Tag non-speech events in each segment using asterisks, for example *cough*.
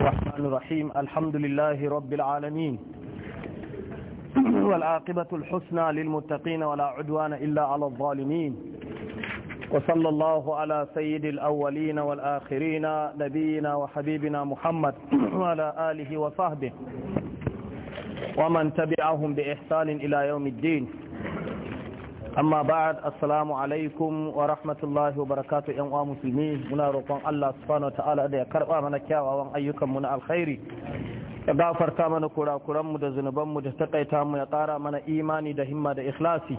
الرحمن الرحيم الحمد لله رب العالمين *clears throat* والعاقبة الحسنى للمتقين ولا عدوان إلا على الظالمين وصلى الله على سيد الأولين والآخرين نبينا وحبيبنا محمد *clears throat* وعلى آله وصحبه ومن تبعهم بإحسان إلى يوم الدين amma ba'ad assalamu alaikum wa rahmatullahi wa barakatu yan uwa musulmi muna roƙon Allah subhanahu ta'ala da ya karba mana kyawawan ayyukan mu na alkhairi ya gafarta mana kurakuran mu da zunuban mu da takaita mu ya ƙara mana imani da himma da ikhlasi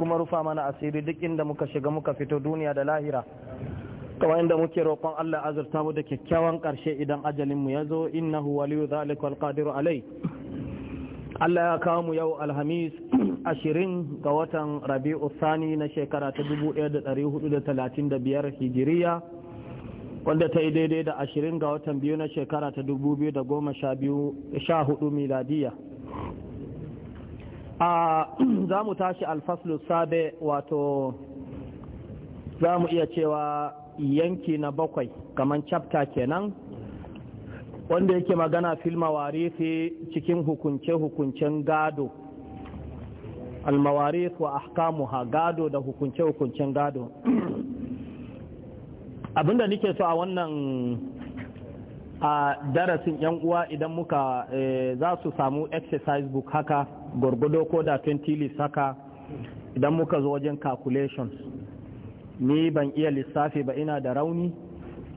kuma rufa mana asiri duk inda muka shiga muka fito duniya da lahira kamar inda muke roƙon Allah azurta mu da kyakkyawan ƙarshe idan ajalin mu ya zo innahu waliyu zalika alqadiru alai Allah ya kawo mu yau Alhamis *clears throat* ashirin ga watan Rabi'u Sani na shekara ta 1435 Hijiriya wanda ta yi daidai da ashirin ga watan biyu na shekara ta 2014 miladiya. A *clears throat* za mu tashi alfaslu sabe wato za mu iya cewa yanki na bakwai kamar chapter kenan. wanda yake magana fil cikin hukunce-hukuncen gado almawaris wa ahkamuha gado da hukunce-hukuncen gado *clears throat* abinda nike so a wannan a darasin yan uwa idan muka eh, za su samu exercise book haka gwargwado ko da 20 list haka idan muka zo wajen calculations ni ban iya lissafi ba ina da rauni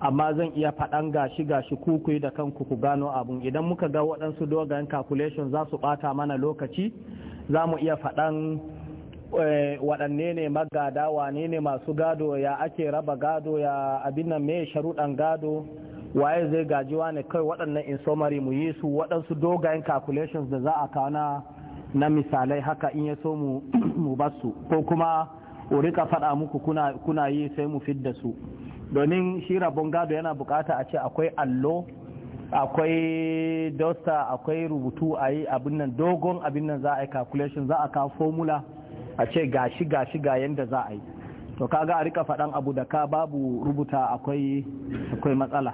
amma zan iya faɗan gashi gashi kuku da kanku ku gano abun idan muka ga waɗansu dogayen calculation za su ɓata mana lokaci za mu iya faɗan eh, waɗanne ne magada wane ne masu gado ya ake raba gado ya abin nan me sharuɗan gado waye zai wa ne kai waɗannan in summary mu yi su waɗansu dogayen calculations da za a kana na misalai haka in ya so mu *clears throat* basu ko kuma urika faɗa muku kuna yi sai mu fidda su domin shi rabon gado yana bukata a ce akwai allo akwai dosta akwai rubutu a yi abin nan dogon abin nan za a yi calculation za a ka formula a ce gashi gashi ga yadda za a yi to kaga a rika faɗan abu da ka babu rubuta akwai matsala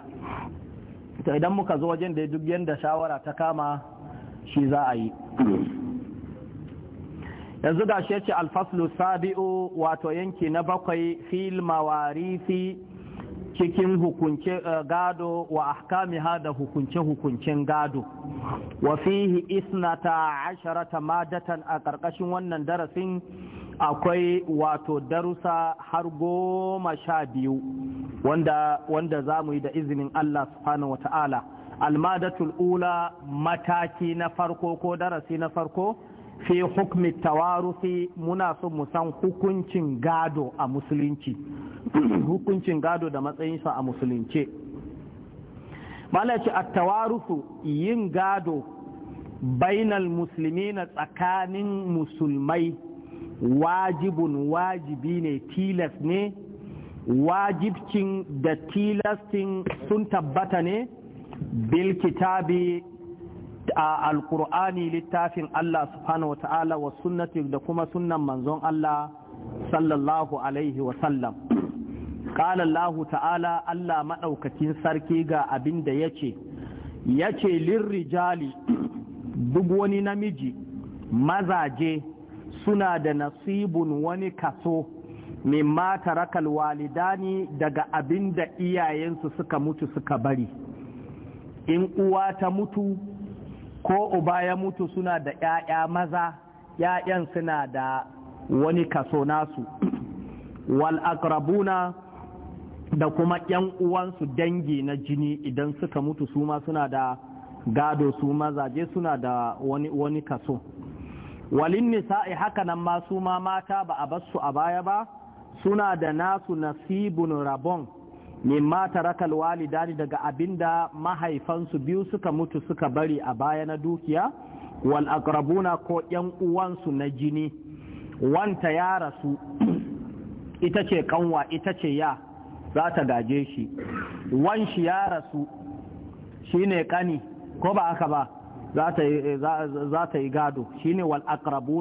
to idan muka zo wajen da duk yadda shawara ta kama shi za a yi yanzu gashi ce alfaslu sabi'u wato yanki na bakwai fil mawarithi cikin hukunce eh, gado wa ahkamiha da hukunce-hukuncen gado wa fihi isnata asharata madatan a ƙarƙashin wannan darasin akwai wato darusa har goma sha biyu wanda, wanda za mu yi da izinin Allah subhanahu wata'ala almadatul ula mataki na farko ko darasi na farko fi hukmi tawarufi muna so mu san hukuncin gado a musulunci hukuncin gado da matsayinsa a musulunce malaci tawarufu yin gado bainal musulmi tsakanin musulmai wajibun wajibi ne tilas ne wajibcin da tilastin sun tabbata ne bil kitabi a alkur'ani littafin Allah subhanahu wata'ala wa sunnati da kuma sunnan manzon Allah sallallahu alaihi wasallam qala Allah ta'ala Allah madaukakin sarki ga abin da yace yace lirrijali *clears throat* duk wani namiji mazaje suna da nasibun wani kaso mata tarakal walidani daga abinda iyayensu suka mutu suka bari in uwa ta mutu ko uba ya mutu suna da ‘ya'ya maza ‘ya'yan suna da wani kaso nasu *clears throat* wal akrabuna da kuma ‘yan uwansu dangi na jini idan suka mutu su ma suna da gado su mazaje suna da wani, wani kaso walin nisa'i haka nan ma su ma mata ba a basu a baya ba suna da nasu nasibun rabon mata rakal walidani daga abinda mahaifansu biyu suka mutu suka bari a baya na dukiya wal aqrabuna ko ‘yan uwansu na jini wanta ya rasu *clears throat* ita ce kanwa ita ce ya za ta gaje shi wan shi ya rasu Shi ne kani ko ba haka ba za ta yi eh, gado shine wal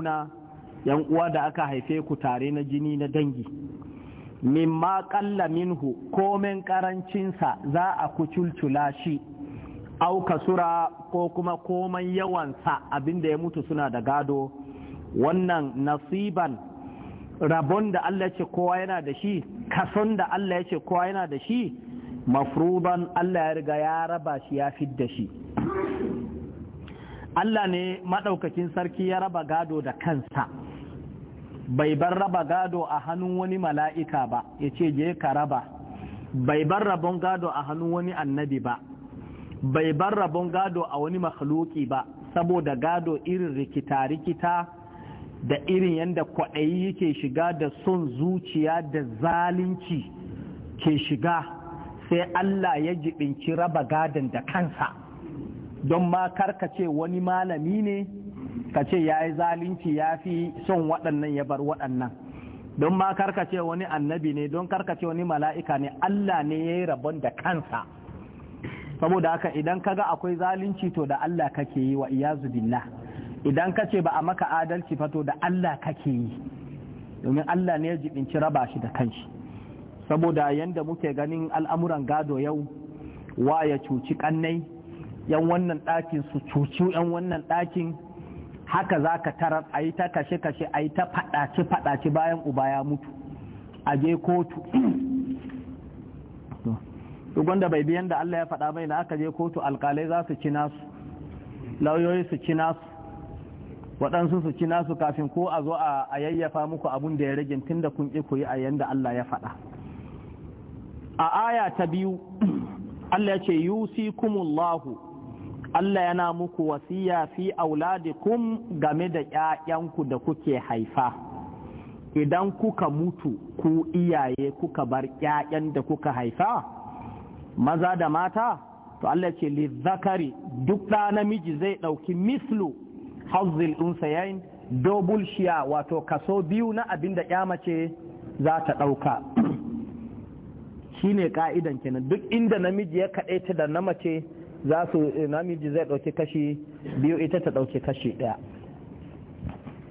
na yan uwa da aka haife ku tare na jini na dangi mimma min minhu komen karancinsa za a kuculcula shi au sura ko kuma komai yawansa abinda ya mutu suna da gado wannan nasiban rabon da Allah ce kowa yana da shi kason da Allah ya ce kowa yana da shi mafruban Allah ya riga ya raba shi ya da shi Allah ne maɗaukakin sarki ya raba gado da kansa bai bar raba gado a hannun wani mala'ika ba ya ce je ka raba bai bar rabon gado a hannun wani annabi ba bai bar rabon gado a wani makhluki ba saboda gado irin rikita-rikita da irin yadda kwaɗayi yake shiga da son zuciya da zalunci ke shiga sai Allah ya jibinci raba gadon da kansa don ma karka ce wani malami ne ka ce ya yi zalunci ya fi son waɗannan ya bar waɗannan don ma karka ce wani annabi ne don karka ce wani mala'ika ne Allah ne ya yi rabon da kansa saboda haka idan kaga akwai zalunci to da Allah kake yi wa iyazu billah idan ka ce ba a maka adalci fato da Allah kake yi domin Allah ne ya jibinci raba shi da kanshi saboda yanda muke ganin al'amuran gado yau wa ya cuci kannai yan wannan ɗakin su cuci yan wannan ɗakin haka za ka tarar a yi ta kashe-kashe a yi ta faɗace-faɗace bayan uba ya mutu a je kotu duk wanda bai biyan da Allah ya faɗa mai na aka je kotu alkalai za su ci nasu lauyoyi su ci nasu waɗansu su ci nasu kafin ko a zo a yayyafa muku abun da ya rage tun da kun ƙi ku a yanda Allah ya faɗa a aya ta biyu *clears throat* Allah ya ce kumullahu. Allah yana muku wasiya fi kum game da 'ya'yanku da kuke haifa idan kuka mutu ku iyaye kuka bar 'ya'yan da kuka haifa maza da mata to Allah ce Lizzakari, duk ɗa namiji zai ɗauki mislu hazzil unsayain dobul shiya wato kaso biyu na abin da ya mace za ta ɗauka *clears throat* shine ka'idan kenan duk inda namiji ya kaɗaita da na mace za su eh, namiji zai ɗauki kashi biyu ita ta ɗauki kashi ɗaya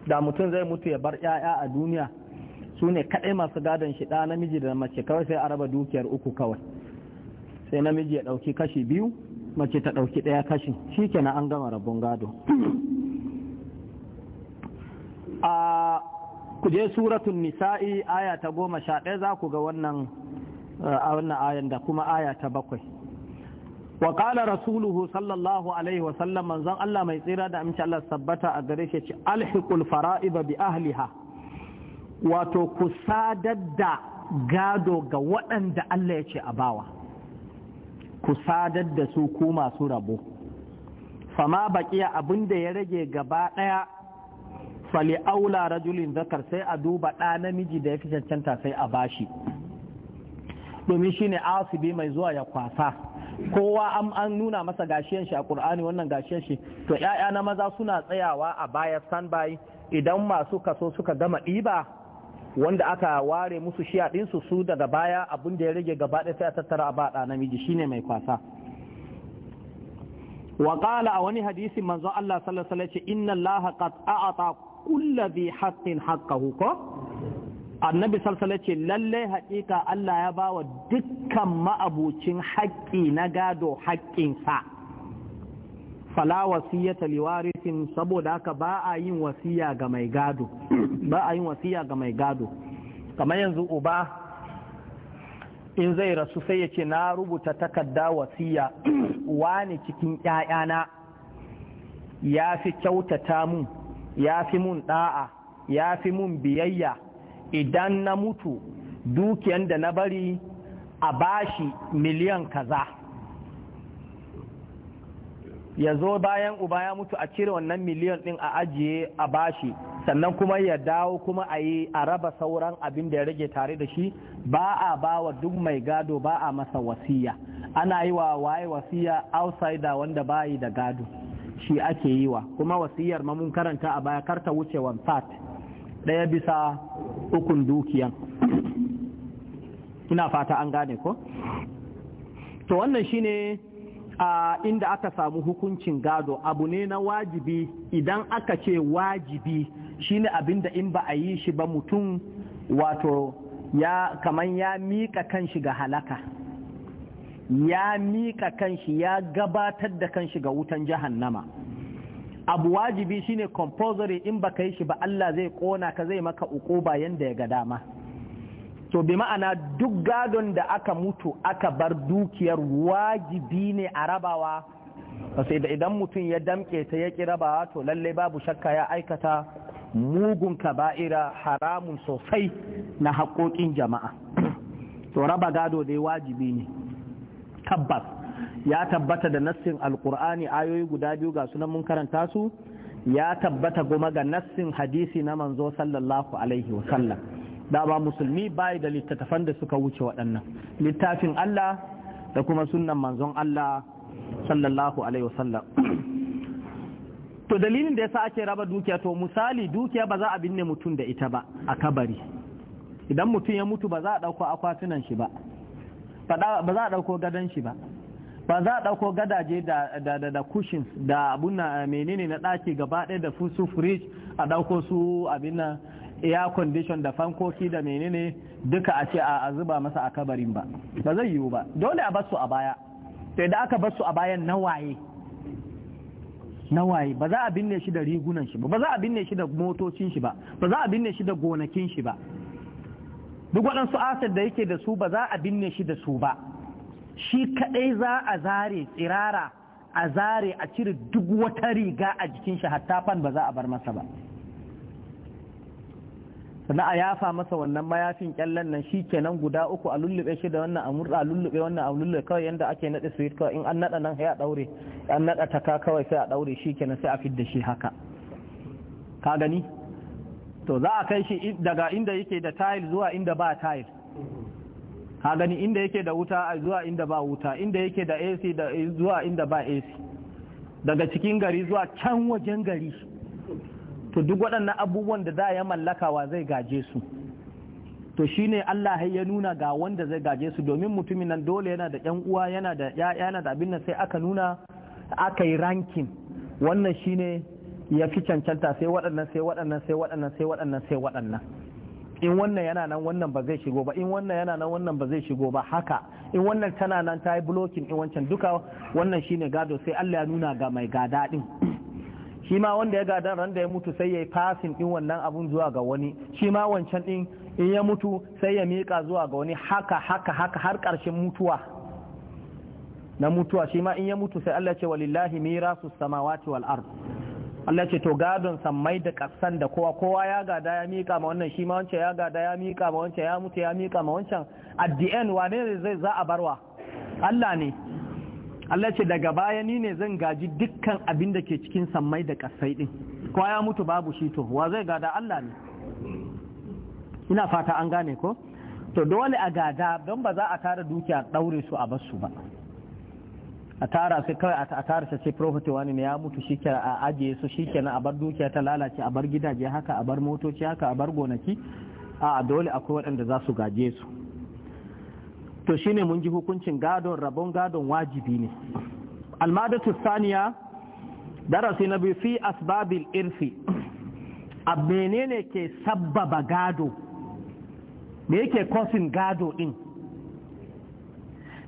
da mutum zai mutu ya bar 'ya'ya a duniya su ne kaɗai masu gadon shi namiji da mace kawai sai a raba dukiyar uku kawai sai namiji ya ɗauki kashi biyu mace ta ɗauki ɗaya kashi shi kenan an gama rabon gado *clears throat* a kuje suratun nisa'i aya ta goma sha ɗaya za ku ga wannan a ayan da kuma aya ta bakwai wa ƙala rasuluhu sallallahu alaihi wa sallam manzon Allah mai tsira da amince Allah sabbata a gare shi alhiqul fara'iba bi ahliha wato ku sadar da gado ga waɗanda Allah ya ce a bawa ku sadar da su ku masu rabo fama baƙiya abin da ya rage gaba ɗaya fali aula rajulin zakar sai a duba ɗa namiji da ya fi cancanta sai a bashi domin shi ne asibi mai zuwa ya kwasa kowa an nuna masa gashiyan shi a ƙur'ani wannan gashiyan shi to ‘ya'ya na maza suna tsayawa a baya standby idan masu kaso suka gama ɗiba wanda aka ware musu shiya ɗinsu su daga baya abin da ya rage gaba ɗaya sai a tattara a baɗa namiji shine mai kwasa wa a wani hadisi manzo Allah sallallahu alaihi wasallam ce inna Allah qad a'ata kulla bi haqqin haqqahu ko annabi salsala ce lallai haƙiƙa Allah ya bawa dukkan ma'abucin haƙƙi na gado haƙƙinsa fala wasiyata liwarisin saboda haka ba a yin wasiya ga mai gado *clears throat* ba a yin wasiya ga mai gado kamar yanzu uba in zai rasu sai yace na rubuta takarda wasiya *clears throat* wani cikin ƴaƴana ya fi kyautata mun ya fi mun ɗa'a ya fi mun biyayya idan na mutu dukiyan da na bari a bashi miliyan kaza ya zo bayan uba ya mutu a cire wannan miliyan ɗin a ajiye a bashi sannan kuma ya dawo kuma a yi a raba sauran abin da ya rage tare da shi ba a ba wa duk mai gado ba a masa wasiya ana yi wa waye wasiya outsider wanda bayi da gado shi ake yi wa kuma wasiyar ma mun karanta a baya karta wuce wan fat daya bisa ukun dukiyan ina fata an gane ko to wannan shine a inda aka samu hukuncin gado abu ne na wajibi idan aka ce wajibi shine abinda in ba a yi shi ba mutum wato ya kaman ya miƙa kanshi ga halaka ya mika kanshi ya gabatar da kanshi ga wutan jahannama abu wajibi shine compulsory in baka yi shi ba Allah zai kona ka zai maka ukuba yanda ya ga dama to bi ma'ana duk gadon da aka mutu aka bar dukiyar wajibi ne a rabawa sai da idan mutum ya damke ta ya rabawa to lallai babu shakka ya aikata mugun kaba'ira haramun sosai na haƙoƙin jama'a to raba gado dai wajibi ne tabbas ya tabbata da nassin alkur'ani ayoyi guda biyu ga sunan mun karanta su ya tabbata goma ga nassin hadisi na manzo sallallahu alaihi sallam. da ba musulmi bai da littattafan da suka wuce waɗannan littafin Allah da kuma sunnan manzon Allah sallallahu alaihi wa sallam. to dalilin da yasa ake raba dukiya to misali dukiya ba za a binne mutum da ita ba a kabari idan mutum ya mutu ba za a ɗauko akwatunan shi ba ba za a ɗauko gadon shi ba ba za a ɗauko gadaje da cushions da abun na menene na ɗaki gaba ɗaya da su fridge a ɗauko su abin na air condition da fankoki da menene duka a ce a zuba masa a kabarin ba ba zai yiwu ba dole a basu a baya sai da aka basu a bayan nawaye nawaye ba za a binne shi da rigunan shi ba ba za a binne shi da motocin shi ba ba za a binne shi da gonakin shi ba duk waɗansu asar da yake da su ba za a binne shi da su ba shi kaɗai za a zare tsirara a zare a cire duk wata riga a jikin shi hatta fan ba za a bar masa ba sannan a yafa masa wannan mayafin kyallan nan shi kenan guda uku a lullube shi da wannan amurra lullube wannan a lullube kawai yadda ake naɗe su kawai in an naɗa nan sai a ɗaure an naɗa taka kawai sai a ɗaure shi kenan sai a fidda shi haka ka gani to za a kai shi daga inda yake da tile zuwa inda ba tile ha gani inda yake da wuta zuwa inda ba wuta inda yake da AC da eh, zuwa inda ba AC daga cikin gari zuwa can wajen gari to duk waɗannan abubuwan da za ya mallakawa zai gaje su to shine Allah ya nuna ga wanda zai gaje su domin mutumin nan dole yana da ƴan uwa yana da yana da abin nan sai aka nuna aka yi rankin wannan shine ya fi cancanta sai waɗannan sai waɗannan sai waɗannan sai waɗannan sai waɗannan in wannan yana nan wannan ba zai shigo ba in wannan yana nan wannan ba zai shigo ba haka in wannan tana nan ta yi blokin in wancan duka wannan shine gado sai Allah ya nuna ga mai gada din shi ma wanda ya gadan ran da ya mutu sai ya yi fasin din wannan abun zuwa ga wani shi ma wancan din in ya mutu sai ya miƙa zuwa ga wani haka haka haka har ƙarshen mutuwa na mutuwa shi ma in ya mutu sai Allah ce walillahi mirasu samawati wal ard Allah ce to gadon sammai da kasan da kowa kowa ya gada ya mika ma wannan shi ma wancan ya gada ya mika ma wancan ya mutu ya mika ma wancan at the end wane zai za a barwa Allah ne Allah ce daga baya ni ne zan gaji dukkan abin da ke cikin sammai da kasai din kowa ya mutu babu shi to wa zai gada Allah ne ina fata an gane ko to dole a gada don ba za a tara dukiya daure su a basu ba a tara sai kawai a tara ta ce property wani ne ya mutu shike a ajiye su shike na a bar dukiya ta lalace a bar gidaje haka a bar motoci haka a bar gonaki a dole akwai waɗanda za su gaje su to shine mun ji hukuncin gadon rabon gadon wajibi ne almadatu saniya darasi na biyu fi asbabil irfi a menene ke sabbaba gado me yake kosin gado din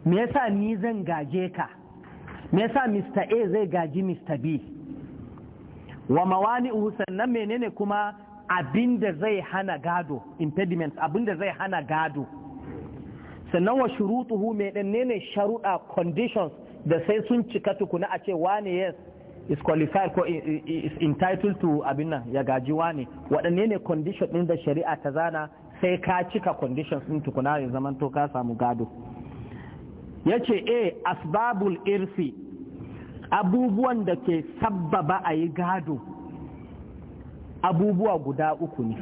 me yasa ni zan gaje ka me yasa Mr A zai gaji Mr B wa mawani sannan menene kuma abin da zai hana gado impediments da zai hana gado sannan wa shurutuhu menene sharuɗa conditions da sai sun cika tukuna a ce wane yes is qualified ko is entitled to abin nan ya gaji wane waɗanne ne condition ɗin da shari'a ta zana sai ka cika conditions ɗin tukuna ya zaman to ka samu gado ya ce e asbabul irsi abubuwan da ke sabbaba a yi gado abubuwa guda uku ne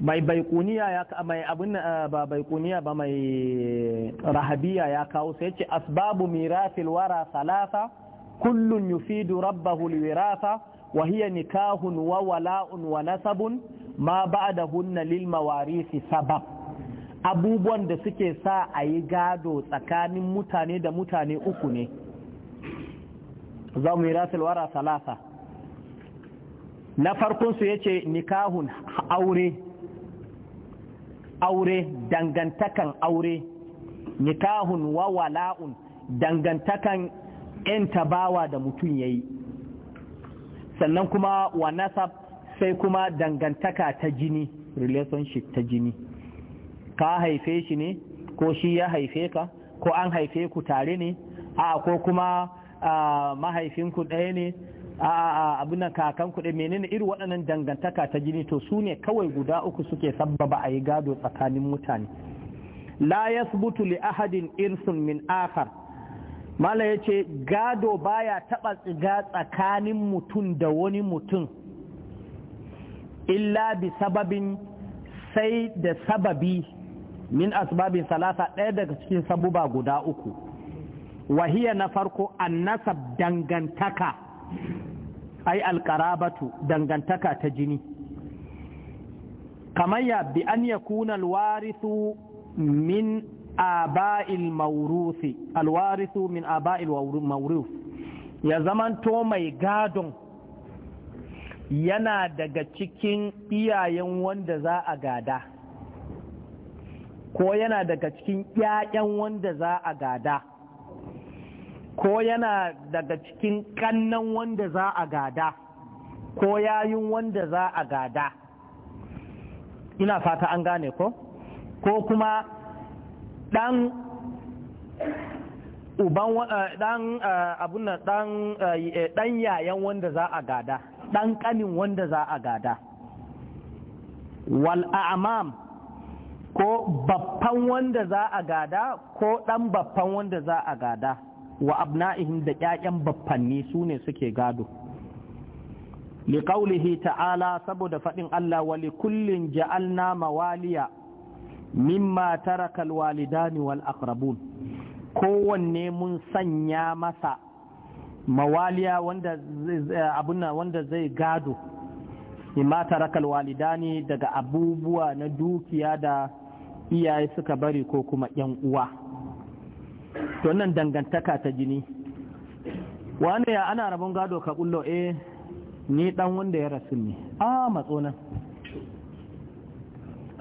mai baikuniya ya mai abin eh, ba baikuniya ba mai rahabiya ya kawo sai ce asbabu mirasil wara salasa kullun yufidu rabbahu alwirasa wa hiya nikahun wa wala'un wa nasabun ma ba'dahunna lil mawarisi sabab abubuwan da suke sa a yi gado tsakanin mutane da mutane uku ne za mu yi rasulwara salasa na farkonsu ya ce nikahun aure aure dangantakan aure nikahun wa wala'un dangantakan 'yan tabawa da mutum ya yi sannan kuma wa nasab sai kuma dangantaka ta jini relationship ta jini ka haife shi ne ko shi ya haife ka ko an haife ku tare ne a ko kuma mahaifinku ɗaya ne a abin nan kakan kuɗi menene irin waɗannan dangantaka ta jini to su ne kawai guda uku suke sabbaba a yi gado tsakanin mutane la yasbutu li ahadin irsun min akhar mala yace gado baya taba tsiga tsakanin mutum da wani mutum illa bi sababin sai da sababi min asbabin salasa ɗaya daga cikin sabuba guda uku wahiya na farko annasab dangantaka ai alkarabatu dangantaka ta jini kamar ya bi an ya kuna min aba'il maurusi alwarithu min aba'il ya zamanto mai gadon yana daga cikin iyayen wanda za a gada ko yana daga cikin ‘ya'yan wanda za a gada ko yana daga cikin ƙannan wanda za a gada ko yayin wanda za a gada ina fata an gane ko ko kuma ɗan uban dan eh, eh, abun dan dan eh, yayan wanda za a gada dan kanin wanda za a gada wal a'mam ko baffan wanda za a gada ko ɗan baffan wanda za a gada wa abna'ihim da ƴaƴan baffanni su ne suke gado liƙaulihi ta'ala saboda faɗin Allah wa likullin ja'alna mawaliya mimma tarakal walidani wal aqrabun kowanne mun sanya masa mawaliya wanda abunna wanda zai gado mimma tarakal walidani daga abubuwa na dukiya da iyaye suka bari ko kuma yan uwa to nan dangantaka ta jini wani ya ana rabon gado ka kullo eh ni dan wanda ya rasu ne a matso nan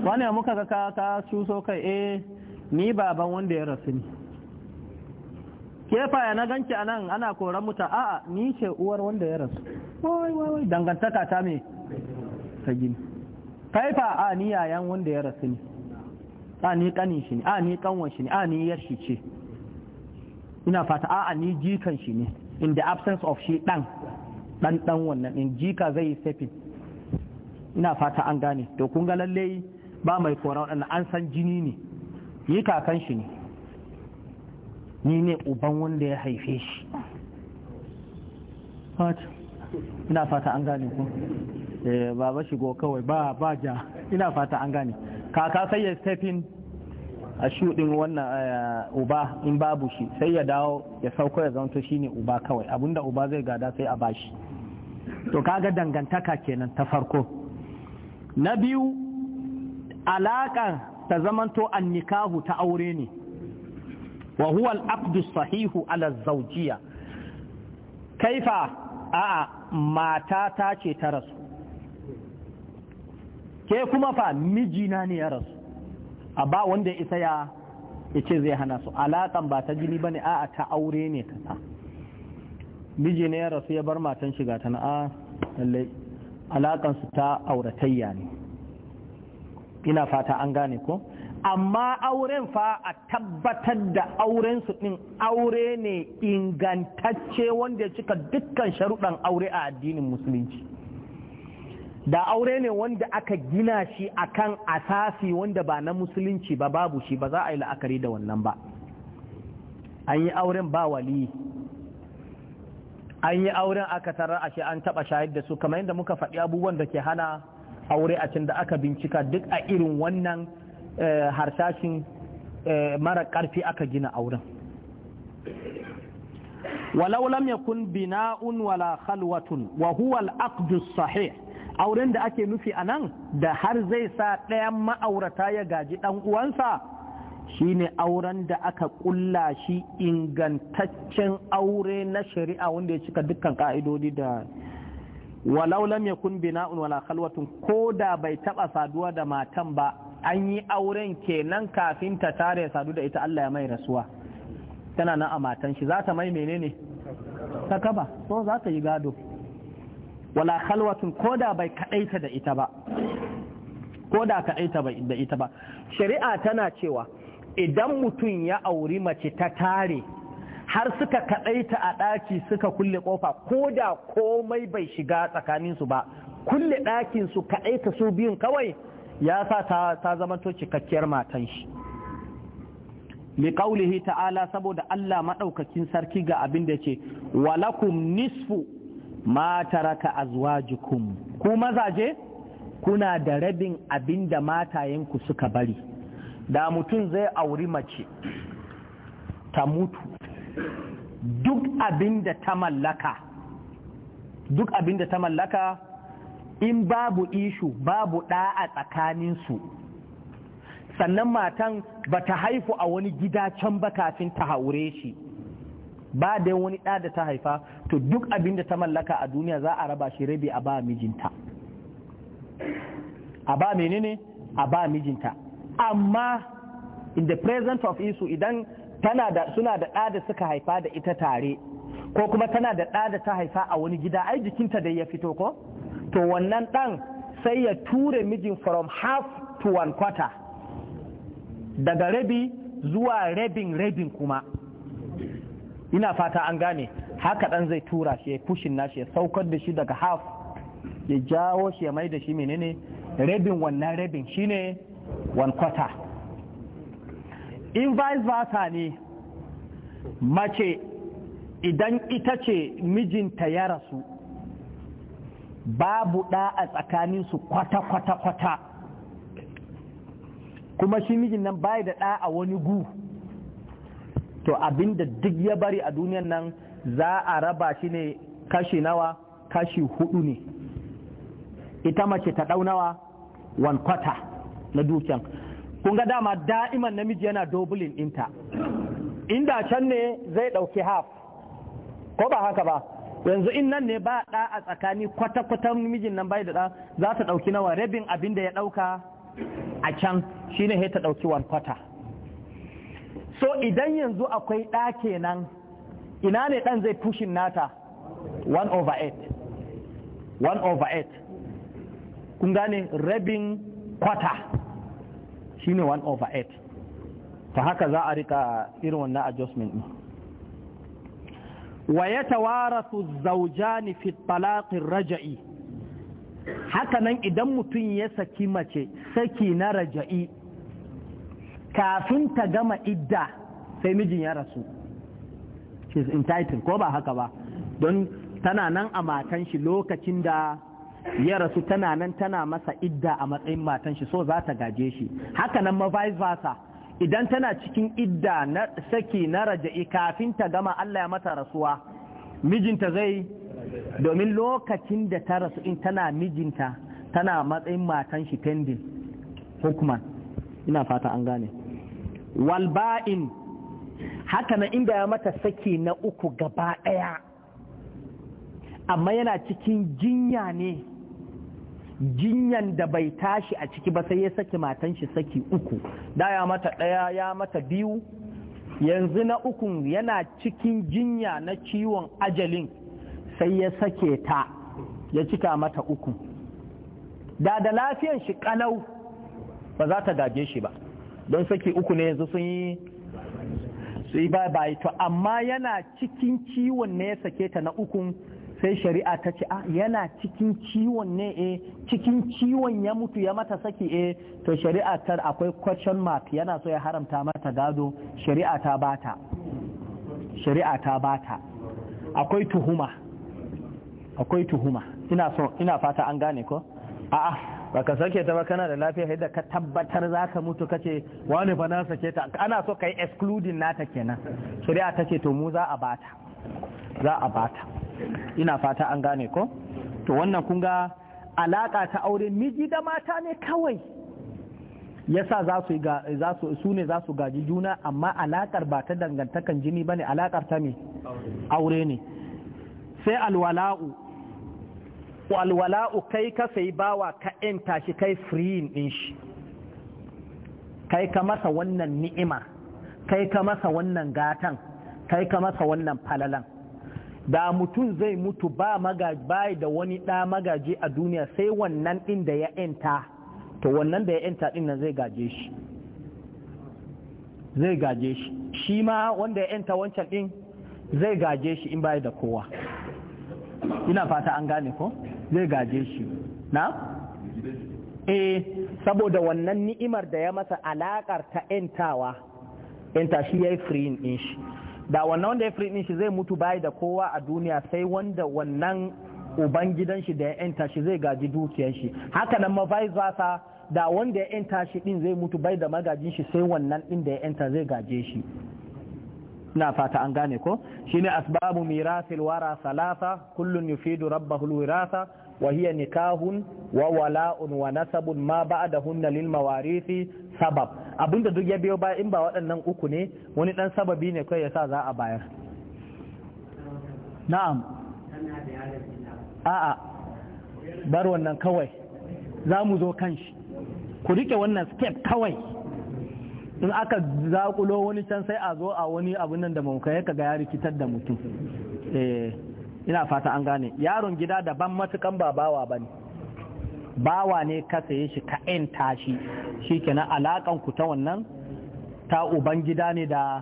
wani muka ga ka ka cuso kai eh ni baban wanda ya rasu ne kefa ya na ganci anan ana koran muta a'a ni ce uwar wanda ya rasu wai wai wai dangantaka ta me ta gini kaifa a ni yayan wanda ya rasu ne a ni kanin shi ne a ni kanwan shi ne a ni yar shi ce ina fata a ni jikan shi ne in the absence of shi dan dan dan wannan in jika zai yi stepin ina fata an gane to kun ga lalle ba mai kora wadannan an san jini ne yi kakan shi ne ni ne uban wanda ya haife shi ina fata an gane ku eh baba shigo kawai ba ba ja ina fata an gane kaka sai ya stepin a shuɗin wannan eh, uba in babu shi sai ya dawo ya sauko ya zanto ne uba kawai abinda uba zai gada sai a bashi to kaga dangantaka kenan ta farko na biyu alaƙar ta zamanto an nikahu ta aure ne wa huwa al-aqdu sahihu ala zawjiya kaifa a'a mata ta ce ta rasu ke kuma fa mijina ne ya rasu a ba wanda ya isa ya ce zai hana su alaƙan ba ta jini ba ne a'a ta aure ne ta sa miji ne ya rasu ya bar matan shiga ta na'a ah, lallai alaƙansu ta auratayya ne ina fata an gane ko amma auren fa a tabbatar da aurensu ɗin aure ne ingantacce wanda ya cika dukkan sharuɗan aure a addinin musulunci da aure ne wanda aka gina shi akan asasi wanda ba na musulunci ba babu shi ba za a yi la'akari da wannan ba an yi auren ba wali an yi auren aka tarar ashe an taba shayar da su kamar yadda muka faɗi abubuwan da ke hana aure a can da aka bincika duk a irin wannan eh, harsashin eh, mara ƙarfi aka gina auren walau lam yakun bina'un wala khalwatun wa huwa al auren da ake nufi a nan da har zai sa ɗayan ma'aurata ya gaji ɗan uwansa shi ne auren da aka ƙulla shi ingantaccen aure na shari'a wanda ya cika dukkan ƙa'idodi da walau lam yakun bina'un wala khalwatun ko da bai taɓa saduwa da matan ba an yi auren kenan kafin ta tare sadu da ita Allah ya mai rasuwa tana nan a matan shi za ta mai menene ta kaba so za ta yi gado wala khalwatun koda bai kadaita da ita ba koda kadaita bai da ita ba shari'a tana cewa idan mutum ya auri mace ta tare har suka kadaita a daki suka kulle kofa koda komai bai shiga tsakanin su ba kulle dakin su kadaita su biyun kawai ya sa ta, ta to cikakkiyar matan shi liƙaulihi ta'ala saboda Allah maɗaukakin sarki ga abin da ce walakum nisfu ma taraka azwajukum ku mazaje kuna da rabin abinda da matayenku suka bari da mutum zai auri mace ta mutu duk abinda ta mallaka duk abinda ta mallaka in babu ishu babu ɗa a tsakaninsu sannan matan ba ta haifu a wani gida can ba kafin ta haure shi ba da wani ɗa da ta haifa to duk abin da ta mallaka a duniya za a raba shi rabi a ba mijinta a ba menene a ba mijinta amma in the present of isu idan tana da suna da ɗa da suka haifa da ita tare ko kuma tana da ɗa da ta haifa a wani gida ai jikinta dai ya fito ko to wannan dan sai ya ture mijin from half to one quarter daga rabi zuwa rabin rabin kuma ina fata an gane haka ɗan zai tura shi ya kushin nashi ya saukar da shi daga half ya jawo shi ya mai da shi menene rabin wannan rabin shine one quarter in vice versa ne mace idan ita ce mijinta ya rasu babu ɗa a tsakaninsu kwata-kwata-kwata kuma shi mijin nan bai da ɗa a wani gu to abinda duk ya bari a duniyan nan za a raba shi ne kashi nawa kashi hudu ne ita mace ta ɗau nawa one quarter na dukiyan kun ga dama da'iman namiji yana dobulin inta inda can ne zai ɗauki half ko ba haka ba yanzu in nan ne ba ɗa a tsakani kwata-kwata mijin nan bai da ɗa za ta ɗauki nawa rabin abin da ya ɗauka a can shine ta ɗauki one quarter so idan yanzu akwai da kenan ina ne dan zai pushin nata 1 over 8 1 over 8 kun gane rabin kwata shine 1 over 8 ta haka za a rika irin wannan adjustment ɗin wa ya tawarasu zaujani fi talaƙin raja'i nan idan mutum ya saki mace saki na raja'i kafin ta gama idda sai mijin ya rasu she is entitled ko ba haka ba don tana nan a matan shi lokacin da ya rasu tana nan tana masa idda a matsayin matan shi so za ta gaje shi haka nan ma vice versa idan tana cikin idda na saki na raja'i kafin ta gama Allah ya mata rasuwa mijinta zai domin lokacin da ta rasu in tana mijinta tana matsayin matan shi pending hukman ina fata an gane walba'in haka nan inda ya mata saki na uku gaba ɗaya amma yana cikin jinya ne jinyan da bai tashi a ciki ba sai ya saki matan shi saki uku da ya mata ɗaya ya mata biyu yanzu na uku yana cikin jinya na ciwon ajalin sai ya sake ta ya cika mata uku da da lafiyan shi kalau ba za ta gaje shi ba don saki uku ne yanzu sun yi sai ba bye to amma yana cikin ciwon ne ya sake ta na ukun sai shari'a ta ce ah, yana cikin ciwon ne eh cikin ciwon ya mutu ya mata saki eh to shari'a ta akwai question mark yana so ya haramta mata gado shari'a ta bata shari'a ta bata akwai tuhuma akwai tuhuma ina so ina fata an gane ko a'a ba ka sake ta ba kana da lafiya yadda ka tabbatar za ka mutu ka ce, wani bana na sake ta ana so ka yi excluding nata kenan shari'a ta ce to mu za a bata za a bata ina fata an gane ko to wannan kun ga alaka ta aure miji da mata ne kawai yasa za su za su su ne za su gaji juna amma alakar ba ta dangantakan jini bane alakar ta me aure ne sai alwala'u walwala'u kai ka sai bawa ka ‘yanta shi kai firiyin ɗin shi kai ka masa wannan ni'ima kai ka masa wannan gatan kai ka masa wannan falalan da mutum zai mutu ba bai da wani ɗa magaji a duniya sai wannan ɗin da ya ‘yanta to wannan da ya ‘yanta ɗin nan zai gaje shi zai gaje shi shi ma wanda ya ‘yanta wancan ɗin zai gaje shi in baya da kowa ina fata an gane ko? zai gaje shi na? eh saboda wannan ni'imar da ya masa alakar ta ‘yantawa ‘yanta shi ya yi firin ɗin shi da wannan wanda ya yi firin ɗin shi zai mutu bayi da kowa a duniya sai wanda wannan uban gidan shi da ya ‘yanta shi zai gaji dukiyar shi haka nan mafai zasa da wanda ya ‘yanta shi ɗin zai mutu bai da magajin shi sai wannan ɗin da ya ‘yanta zai gaje shi na fata an gane ko shine asbabu mirasil wara salasa kullun yufidu rabbahu alwirasa wa hiya nikahun wa wala'un wa nasabun ma ba'dahunna lil mawarisi sabab abinda duk ya biyo baya in ba waɗannan uku ne wani dan sababi ne kai yasa za a bayar na'am a'a bar wannan kawai za mu zo kan shi ku rike wannan step kawai in aka zaƙulo wani can sai a zo a wani abun nan da mamkai ya ga ya rikitar da mutum eh, ina fata an gane yaron gida daban matukan ba bawa ba ne bawa ne ka saye shi ka yanta shi shi kenan alakan ku ta wannan ta uban gida ne da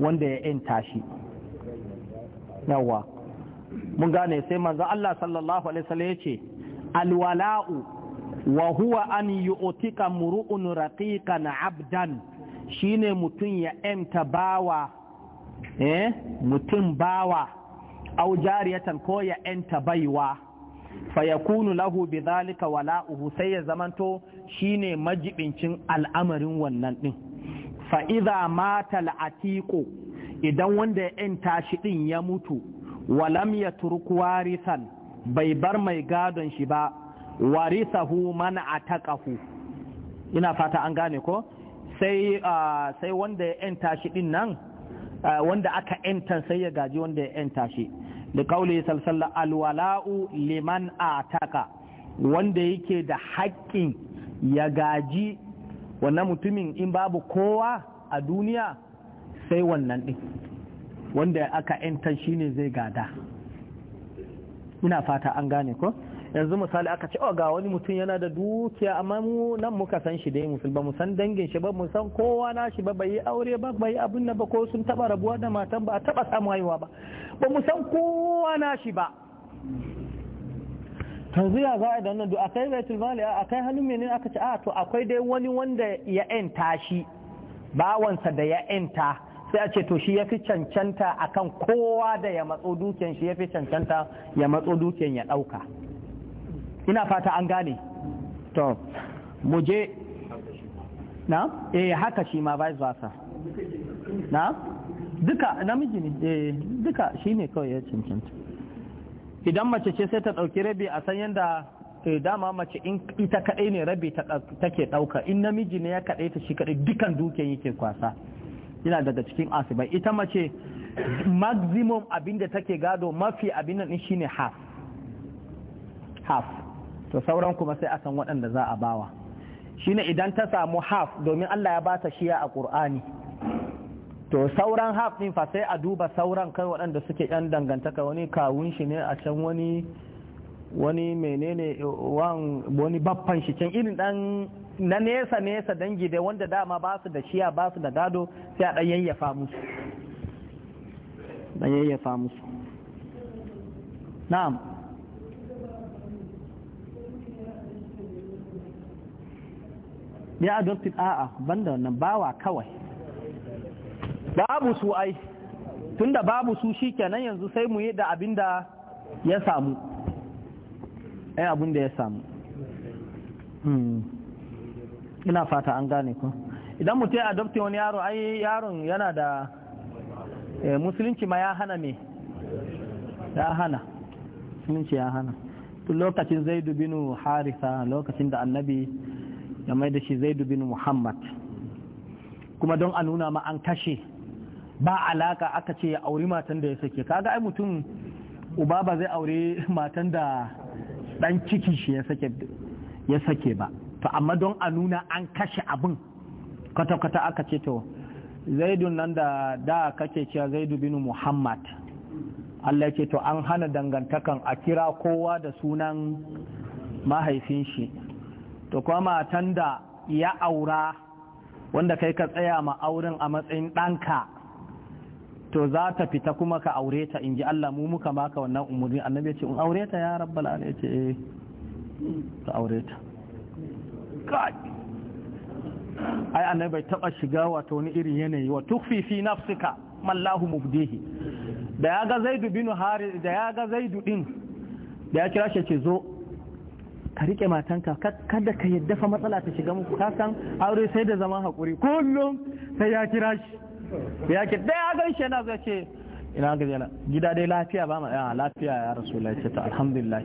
wanda ya yanta tashi. yawa mun gane sai manzo Allah sallallahu alaihi wasallam yace alwala'u wa huwa an yu'tika muru'un raqiqan 'abdan Shi ne mutum ya ‘yanta bawa eh mutum bawa au jariyatan ko ya ‘yanta baiwa fayakunu lahu bi zalika wala'uhu sai ya zamanto shi ne majibincin al'amarin wannan ɗin Fa'iza mata la’atiko idan wanda ya yanta shi ɗin ya mutu walam ya turku warisan bai bar mai gadon shi ba warisahu a taƙahu ina fata an gane ko sai ah, sai wanda ya yanta shi din nan ah, wanda aka yanta sai ya gaji wanda ya yanta shi da kauli sallallahu alwala'u liman ataka wanda yake da haƙƙin ya gaji wannan mutumin in babu kowa a duniya sai wannan din wanda aka yanta shi ne zai gada ina fata an gane ko yanzu misali aka ce oh, ga wani mutum yana da dukiya amma mu nan muka san shi dai musulba mu san dangin shi ba mu san kowa na shi ba bai yi aure ba bai yi abin ba ko sun taba rabuwa da matan ba a taba samu haihuwa ba ba mu san kowa na shi ba yanzu ya za a da wannan a kai baitul mali a kai hannun menene aka ce a ah, to akwai dai wani wanda ya enta shi bawansa da ya enta sai a ce to shi ya fi cancanta akan kowa da ya matso dukiyan shi ya fi cancanta ya matso dukiyan ya ɗauka. ina fata an gane to mu je na eh haka shi ma zuwa ka na duka namiji ne eh duka shine kawai ya cancanta idan mace ce sai ta dauki rabi a san yanda eh, dama mace in ita kadai ne rabi take dauka in namiji ne ya kadai ta shi kadai dukan duken yake kwasa ina daga cikin asibai ita mace maximum abinda take gado mafi abin nan shine half half to sauran kuma sai a san waɗanda za a bawa shine idan ta samu haf domin Allah ya bata shiya a ƙur'ani to sauran haf ɗin fa sai a duba sauran kai waɗanda suke yan dangantaka wani kawun shi ne a can wani wani menene wani babban shi can irin dan na nesa nesa dangi dai wanda dama ba su da shiya ba su da gado sai a dan yayyafa musu dan yayyafa musu na'am Ya adopted a'a banda wannan bawa kawai babu su ai tunda babu su shikenan yanzu sai mu yi da abin da ya samu ai abin da ya samu hmm. ina fata an gane ku idan mutum ya adoptin wani yaro ai yaron yana da eh, musulunci ma ya hana me ya hana musulunci ya hana lokacin zaidu binu harisa lokacin da annabi ya mai da shi zaidu bin muhammad kuma don a nuna ma an kashe ba alaka aka ce ya auri matan da ya sake kaga ai mutum uba ba zai aure matan da dan ciki shi ya sake ba to amma don a nuna an kashe abin kwata-kwata aka ce to zaidun nan da da kake cewa zaidu bin muhammad Allah ce to an hana dangantakan a kira kowa da sunan mahaifin shi to kuma matan da ya aura wanda kai ka tsaya ma auren a matsayin ɗanka to za ta fita kuma ka aure ta in ji Allah mu muka maka wannan umarni annabi ce in aure ta ya rabbal ne ce eh aure ta ai annabi bai taba shiga wato wani irin yanayi wa tukfi fi nafsika mallahu mubdihi da ya ga zaidu bin harith da ya ga zaidu din da ya kira shi ce zo ka rike matanka kada ka yadda fa matsala ta shiga muku ka san aure sai da zaman hakuri kullum sai ya kira shi ya ke dai ya gan shi yana zai ce ina ga jana gida dai lafiya ba ma ah, lafiya ya rasulullahi ce ta alhamdulillah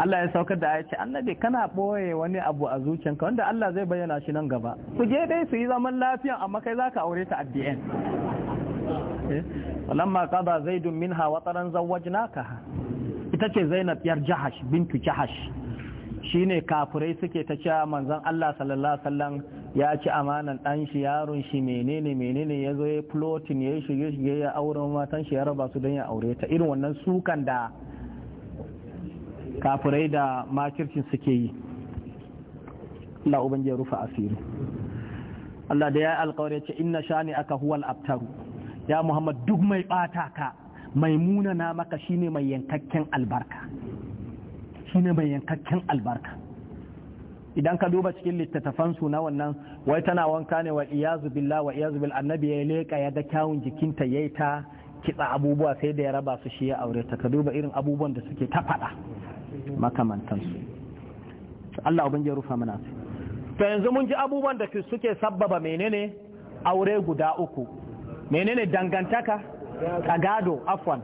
Allah ya saukar da ayace annabi kana boye wani abu a zuciyanka wanda Allah zai bayyana shi nan gaba ku je dai su yi zaman lafiya amma kai zaka aure ta addi'en walamma eh, qada zaidun minha wataran zawwajnakaha ita ce Zainab yar Jahash bintu Jahash shine kafurai suke ta cewa manzon Allah sallallahu alaihi wasallam ya ci amanan dan shi yaron shi menene menene ya zo ya plotin ya shige shige ya aure matan shi ya raba su don ya aure ta irin wannan sukan da kafurai da makircin suke yi Allah ubangiji rufa asiri Allah da ya alƙawari ya ce inna shani aka huwal abtaru ya Muhammad duk mai bata ka mai muna na maka shine mai yankakken albarka shine mai yankakken albarka idan ka duba cikin littattafansu na wannan wai tana wanka ne wa iyazu billah wa iyazu bil annabi ya leka ya ga kyawun jikinta yayi ta kitsa abubuwa sai da ya raba su shi ya aure ta ka duba irin abubuwan da suke ta faɗa makamantansu Allah ubin ya rufa mana su to yanzu mun ji abubuwan da suke sabbaba menene aure guda uku menene dangantaka a afwan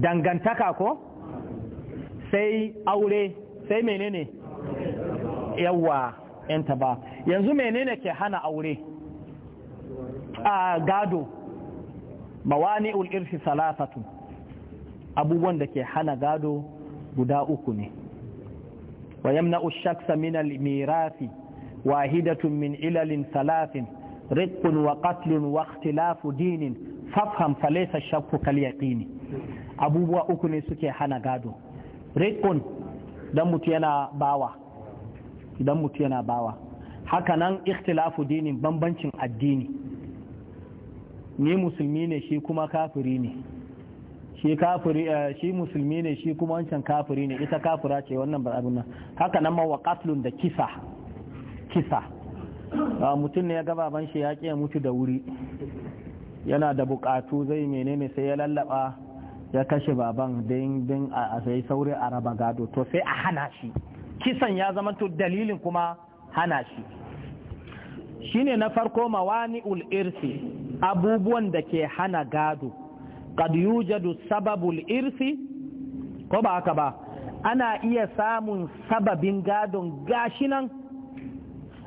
dangantaka ko sai aure sai menene yawa yanta ba yanzu menene ke hana aure a gado mawani ul'irshi salasatu abubuwan da ke hana gado guda uku ne wa yamna ushaksa min mirafi mirasi wahidatun min ilalin salasin rik'un wa qatlun wa ikhtilafu dinin fafham falaysa shakku kal yaqini abubuwa uku ne suke hana gado rikun dan mutu yana bawa idan mutu yana bawa hakanan ikhtilafu dini bambancin addini ni musulmi ne shi kuma kafiri ne shi kafiri eh, shi musulmi ne shi kuma wancan kafiri ne ita kafira ce wannan ba abin nan haka nan ma qatlun da kisa kisa ah, mutum ne ya ga ban shi ya mutu da wuri yana da bukatu zai menene sai ya lallaba ya kashe baban din a sai sauri a raba gado to sai a hana shi kisan ya zama to dalilin kuma hana shi shine na farko mawani ul irsi abubuwan da ke hana gado kad yujadu sababul irsi ko ba haka ba ana iya samun sababin gadon gashinan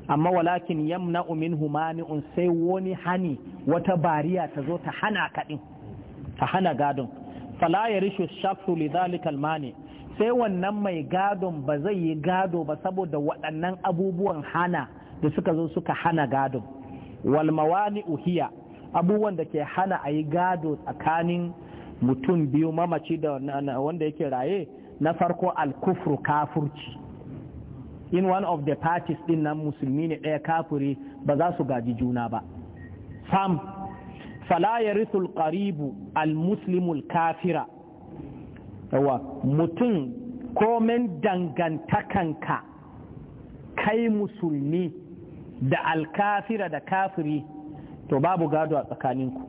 amma walakin yamna umin un sai wani hani wata bariya ta zo ta hana kadin, ta hana gadon fala ya rishu shafu li zalikal mani sai wannan mai gadon ba zai yi gado ba saboda waɗannan abubuwan hana da suka zo suka hana gado. wal mawani uhiya abubuwan da ke hana a yi gado tsakanin mutum biyu mamaci da wanda yake raye na farko alkufru kafurci in one of the parties din nan musulmi ne ɗaya kafuri ba za su gaji juna ba sam fala yarithul qaribu al muslimul kafira yawa mutum komen dangantakanka kai musulmi da alkafira da kafiri to babu gado a tsakaninku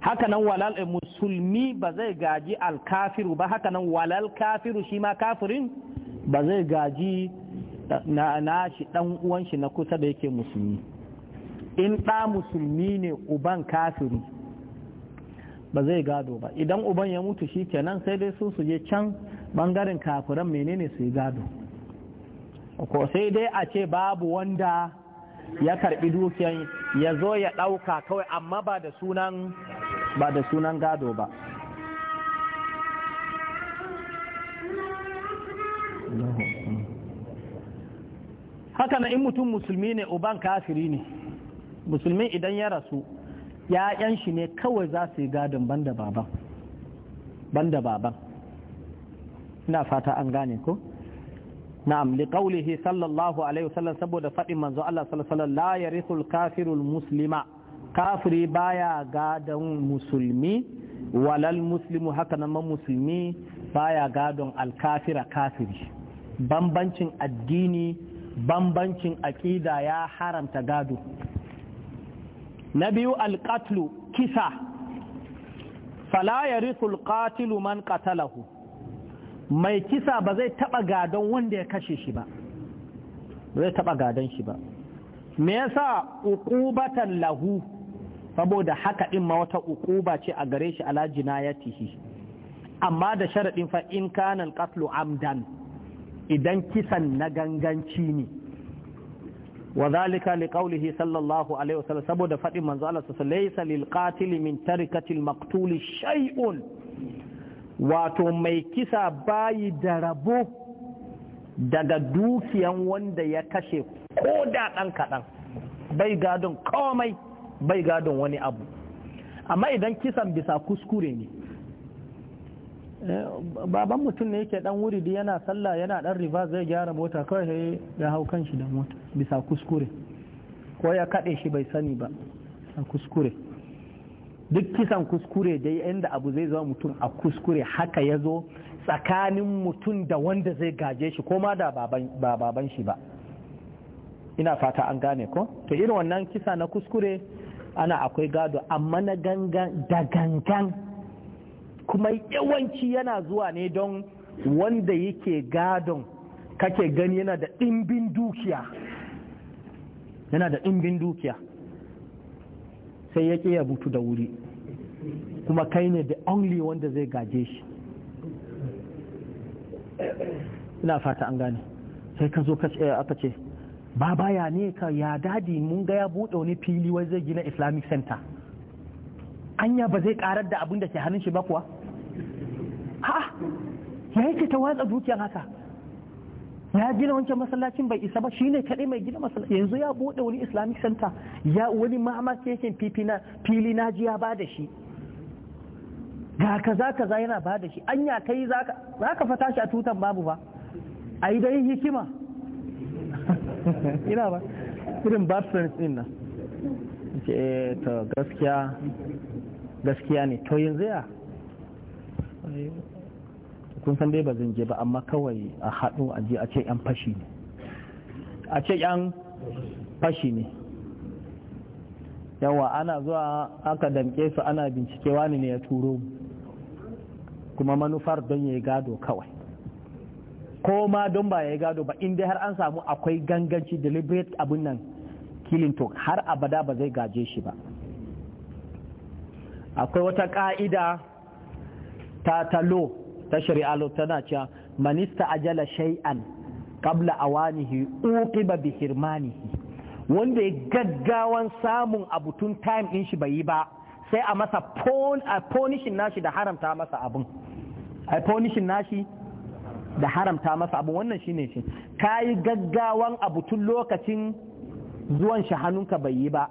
hakanan walal eh, musulmi ba zai gaji alkafiru ba hakanan walal kafiru shi ma kafirin ba zai gaji eh, na, na shi dan uwan shi na kusa da yake musulmi in ɗa musulmi ne uban kafiri ba zai gado ba idan uban ya mutu shi kenan sai dai sun su je can bangaren kafiran menene su yi gado ko sai dai a ce babu wanda ya karbi dukiyan ya zo ya ɗauka kawai amma ba da sunan ba da sunan gado ba haka na in mutum musulmi ne uban kafiri ne musulmi idan ya rasu ‘ya'yan shi ne kawai za su yi gadon banda baban banda baban ina fata an gane ko na'am li sallallahu alaihi wasallam saboda fadin manzo Allah sallallahu alaihi wasallam la yarithul kafirul muslima kafiri baya gadon musulmi walal muslimu haka nan musulmi baya gadon alkafira kafiri bambancin addini bambancin aƙida ya haramta gado na biyu alƙatlu kisa fala ya rikul ƙatilu man ƙatalahu mai kisa ba zai taɓa gadon wanda ya kashe shi ba zai taɓa gadon shi ba me yasa uqubatan lahu saboda haka ɗin ma wata uƙuba ce a gare shi ya tihi amma da sharaɗin fa in ƙatlu amdan idan kisan na ganganci ne wa zalika liqaulihi sallallahu alaihi wasallam saboda fadin manzo su laysa lil qatil min tarikatil maqtul shai'un wato mai kisa bayi da rabo daga dukiyan wanda ya kashe ko da kaɗan kadan bai gadon komai bai gadon wani abu amma idan kisan bisa kuskure ne Eh, baban mutum ne yake dan wuridi yana sallah yana dan riba zai gyara mota kawai ya hau kanshi da mota bisa kuskure ko ya kaɗe shi bai sani ba a kuskure duk kisan kuskure da inda abu zai zama mutum a kuskure haka ya zo tsakanin mutum da wanda zai gaje shi ko ma da ba baban shi ba ina fata an gane ko to irin wannan kisa na kuskure ana akwai gado amma na gangan da gangan kuma yawanci yana zuwa ne don wanda yake gadon kake gani yana da ɗimbin dukiya yana da ɗimbin dukiya sai ya ya butu da wuri kuma kai ne the only wanda zai gaje shi ina fata an gane sai ka zo aka ce ba baya ne ka ya dadi mun ga ya buɗe wani fili wai zai gina islamic center anya ba zai karar da abin da ke hannun shi ba kuwa ya yake ta watsa dukiyar haka ya gina wancan masallacin bai isa ba shine kadai mai gina masallaci yanzu ya buɗe wani islamic center ya wani mamaki yake fili na ji ya ba da shi ga kaza kaza yana ba da shi anya kai za ka fata shi a tutan babu ba a yi dai hikima *laughs* ina ba irin bad friends din nan ce eh, to gaskiya gaskiya ne to yanzu ya Eh. kun san dai ba zan je ba amma kawai a haɗu a je a ce yan fashi ne a ce yan fashi ne yawa ana zuwa aka damke su ana bincike wani ne ya turo kuma manufar don ya yi gado kawai ko ma don ba ya yi gado ba inda har an samu akwai ganganci deliberate abin nan killing talk har abada ba zai gaje shi ba akwai wata ka'ida ta ta lo ta shari'a lo tana cewa manista ajala shay'an qabla awanihi uqiba bi hirmanihi wanda ya gaggawan samun abu tun time din shi bai yi ba sai a masa ponishin nashi da haramta masa abun ai ponishin nashi da haramta masa abu wannan shine shi kayi gaggawan abutun lokacin zuwan shi hannunka bai yi ba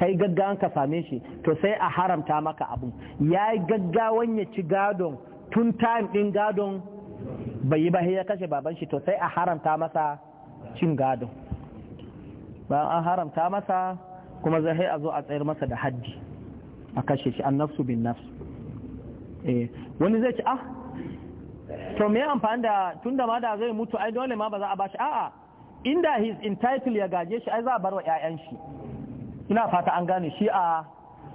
kai gaggawan ka same shi to sai a haramta maka abun ya yi gaggawan ya ci gadon tun time ɗin gadon bai yi ba ya kashe baban shi to sai a haramta masa cin gadon bayan an haramta masa kuma zai a zo a tsayar masa da haddi a kashe shi an nafsu bin nafsu eh, wani zai ci ah to me amfani da tun da ma da zai mutu ai dole ma ba za a bashi a'a inda his entitled ya gaje shi ai za a bar wa 'ya'yan shi ina fata an gane shi a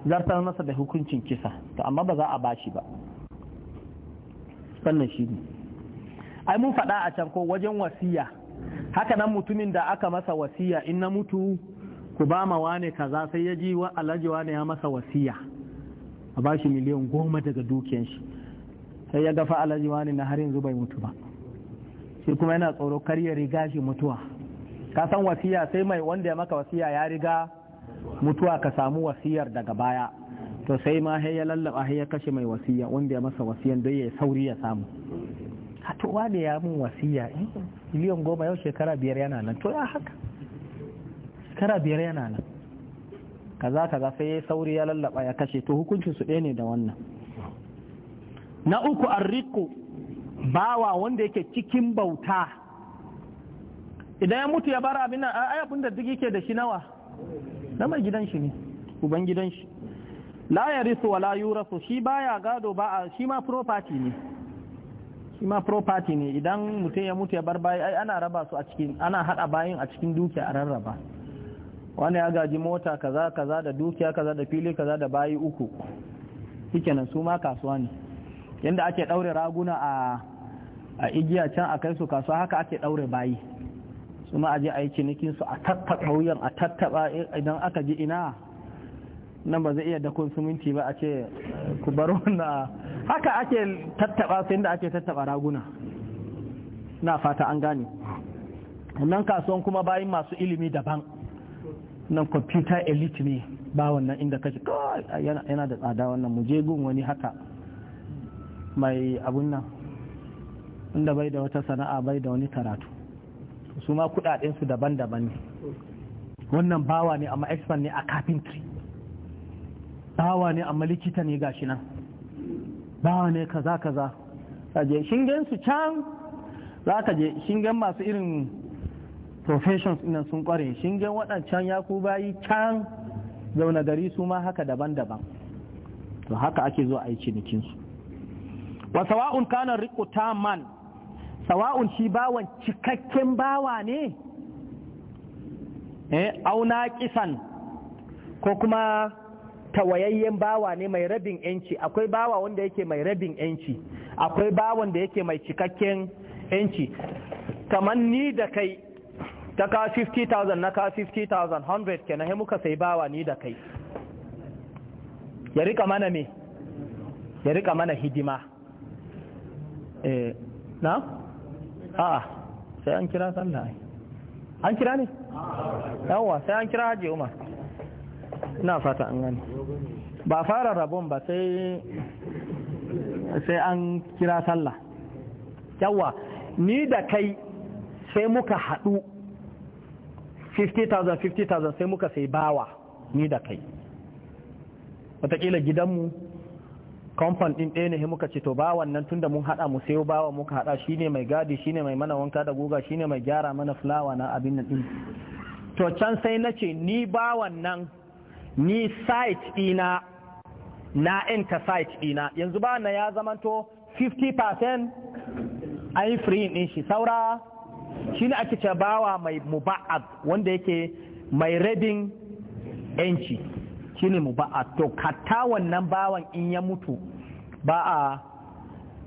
zartar masa da hukuncin kisa to amma ba za a bashi ba wannan shi ne ai mun faɗa a can ko wajen wasiya haka nan mutumin da aka masa wasiya in na mutu ku ba ma wane kaza sai ya ji wa alhaji wane ya masa wasiya a ba miliyan goma daga dukiyan shi sai ya gafa alhaji wane na har yanzu bai mutu ba shi kuma yana tsoro kar ya riga shi mutuwa ka san wasiya sai mai wanda ya maka wasiya ya riga mutuwa ka samu wasiyar daga baya to sai ma ya lallaba ya kashe mai wasiya wanda ya masa wasiyan don ya sauri ya samu a to wane ya mun wasiya eh, miliyan goma yau shekara biyar yana nan to ya haka shekara biyar yana nan kaza kaza sai ya sauri ya lallaba ya kashe to hukuncin su ɗaya ne da wannan na uku arriku bawa wanda yake cikin bauta idan ya mutu ya bara abin nan ai da duk yake da shi nawa na mai gidan shi ne uban gidan shi la yarisu wala yurasu shi baya gado ba shi ma property ne shi ma property ne idan mutum ya mutu ya bar bayi ai ana raba su a cikin ana hada bayin a cikin dukiya a rarraba wani ya gaji mota kaza kaza da dukiya kaza da fili kaza da bayi uku kikenan su ma kasuwa ne yanda ake daure raguna a a igiya can a kai su kasuwa haka ake daure bayi kuma a je a yi cinikin su a tattaɓa wuyan a tattaɓa idan aka ji ina nan ba zai iya dakon suminti ba a ce ku bar wannan haka ake tattaɓa sai da ake tattaɓa raguna na fata an gane nan kasuwan kuma bayan masu ilimi daban nan computer elite ne ba wannan inda kake yana da tsada wannan mu je gun wani haka mai abun nan inda bai da wata sana'a bai da wani karatu su ma kudaden su daban-daban ne wannan bawa ne amma expert ne a carpentry bawa ne amma likita ne gashi nan bawa ne kaza kaza je shingen su can za ka je shingen masu irin professions nan sun kware shingen waɗancan ya ku bayi can zaune gari su ma haka daban-daban to haka ake zo a yi cinikinsu wasawa'un kanan riko man sawa'un shi bawan cikakken bawa ne eh auna kisan ko kuma tawayayyen bawa ne mai rabin yanci akwai bawa wanda yake mai rabin yanci akwai bawan da yake mai cikakken yanci kamar ni da kai ta ka 50,000 na ka 50,000 100 kenan sai muka sai bawa ni da kai ya rika mana me ya rika mana hidima eh na a'a sai an kira sallah an kira ne yawa sai an kira haji umar ina fata an gani ba fara rabon ba sai sai an kira sallah yawa ni da kai sai muka haɗu 50,000 50,000 sai muka sai bawa ni da kai watakila gidanmu kamfan din ɗaya ne muka ce to ba wannan da mun haɗa mu sayo bawa muka haɗa shine mai gadi shine mai mana wanka da guga shine mai gyara mana fulawa na abin nan ɗin. to can sai na ce ni bawan nan ni site ɗina na ka site ɗina yanzu ba na ya zama to 50% an yi free ɗin shi saura shi ne ake ce bawa mai muba'ab wanda yake mai rabin 'yanci shine mu ba a to hatta wannan bawan in ya mutu ba a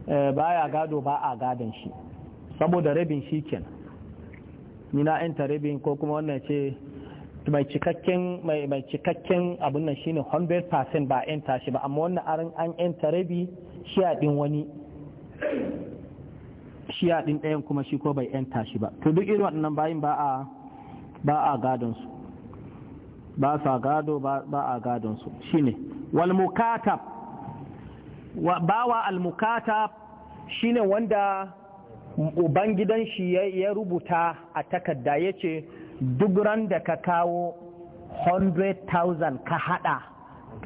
eh, baya gado ba a gadon shi saboda rabin shi kenan nina na rabin ko kuma wannan ce mai cikakken mai mai cikakken abin nan shine 100% ba yanta shi ba amma wannan aran an ta rabi shi a din wani shi a din ɗayan kuma shi ko bai yanta shi ba to duk irin waɗannan bayin ba a ba a gadon su ba sa gado ba a gadon su ne. walmukatab ba wa almukatab shi ne wanda ubangidan shi ya rubuta a takarda ya duk ran da ka kawo 100,000 ka hada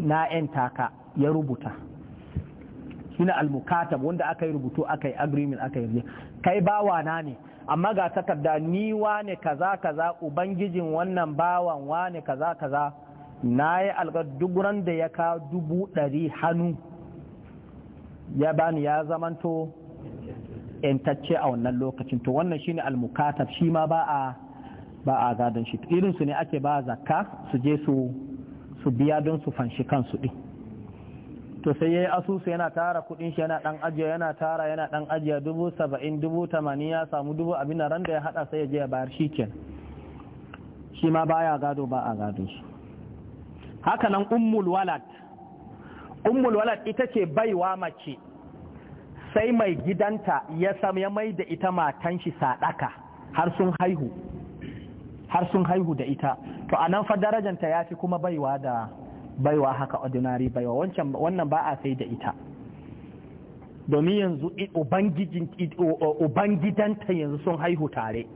na 'yan taka ya rubuta Shi ne almukatab wanda aka yi rubutu aka yi agreement aka yi kai wa na ne amma ga takarda ni wane kaza kaza ubangijin wannan bawan wane kaza kaza na yi alƙaduguran da ya ka dubu ɗari hannu ya bani ya zamanto yantacce a wannan lokacin to wannan shi ne almukatar, shi ma ba a ba a gadon shi irinsu ne ake ba zakka su je su biya don su fanshi kansu ɗin to sai ya yi asusu yana tara kudin shi yana dan ajiya yana tara yana dan ajiya dubu saba'in dubu tamanin ya samu dubu abin da ran da ya hada sai ya je ya bayar shi ken shi ma baya gado ba a gado shi haka nan ummul walad ummul walad ita ce baiwa mace sai mai gidanta ya samu ya mai da ita matan shi sadaka har sun haihu har sun haihu da ita to anan fa darajanta ya fi kuma baiwa da baiwa haka ordinary baiwa wancan wannan ba a sai da ita domin yanzu ubangidanta yanzu sun haihu tare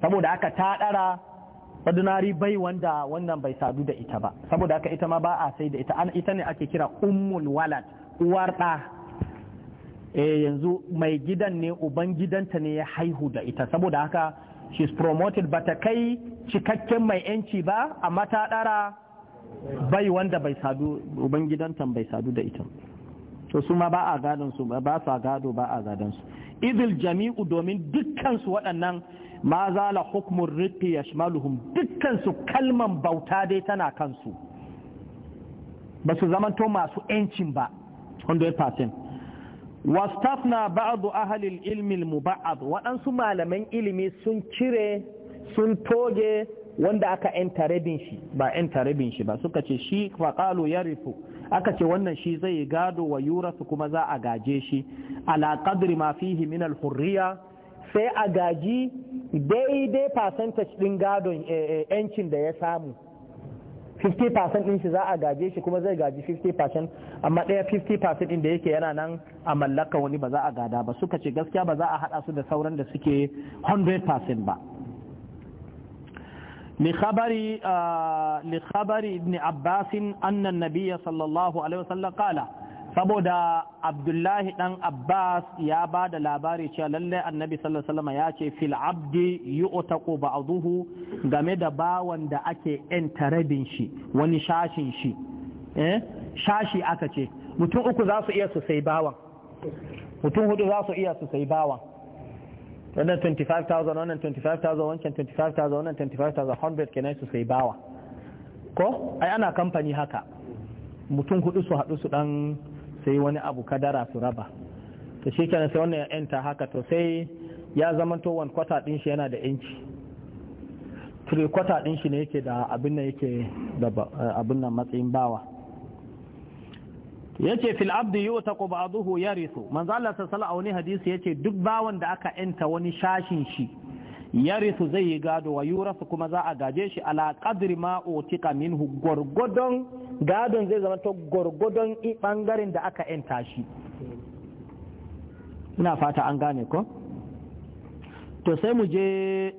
saboda haka ta ɗara ordinary bai wanda wannan bai sadu da ita ba saboda haka ita ma ba a sai da ita an ita ne ake kira ummul walad uwar da e eh, yanzu mai gidan ne ubangidanta ne ya haihu da ita saboda haka she's promoted ba ta kai cikakken mai yanci ba amma ta ɗara bai wanda bai sadu ubangidantan bai sadu da ita to su ma ba a gadon su ba sa gado ba a gadon su idil jami'u domin dukkan su waɗannan ma zala hukmun riqi yashmaluhum dukkan su kalman bauta dai tana kansu ba su to masu yancin ba 100% wastafna ba'adu ilm al muba'ad waɗansu malaman ilimi sun cire sun toge wanda aka yanta rabin shi ba yanta rabin shi ba suka ce shi faƙalu ya rufu aka ce wannan shi zai gado wa yurasu kuma za a gaje shi ala qadri ma fihi min hurriya sai a gaji daidai percentage ɗin gado eh, eh, yancin da ya samu 50% din shi za a gaje shi kuma zai gaji 50% amma ɗaya 50% din da yake yana nan a mallaka wani ba za a gada ba suka ce gaskiya ba za a haɗa su da sauran da suke 100% ba لخبر لخبر ابن عباس أن النبي صلى الله عليه وسلم قال saboda abdullahi Ɗan abbas ya ba da labari cewa lalle annabi sallallahu alaihi wasallam ya ce fil abdi yu'taqu ba'dhuhu game da bawan da ake enta rabin shi wani shashin shi eh shashi aka ce mutum uku za su iya su sai mutum hudu za su iya su sai bawan wannan 25,000 wannan 25,000 wancan 25,000 wannan 25,000 100 kenan su sai bawa ko ai ana kamfani haka mutum hudu su haɗu su dan sai wani abu kadara su raba to shi kenan sai wannan enta haka to sai ya to one quarter din shi yana da inci three quarter din shi ne yake da abin nan yake da eh, abin nan matsayin bawa yace fil abdi yutaqu ba'dahu yarithu manzo Allah sallallahu alaihi hadisi yace duk bawan da aka yanta wani shashin shi yarithu zai yi gado wa yurasu kuma za a gaje shi ala qadri ma utika minhu gorgodon gadon zai zama to gorgodon bangaren da aka yanta shi ina fata an gane ko to sai mu je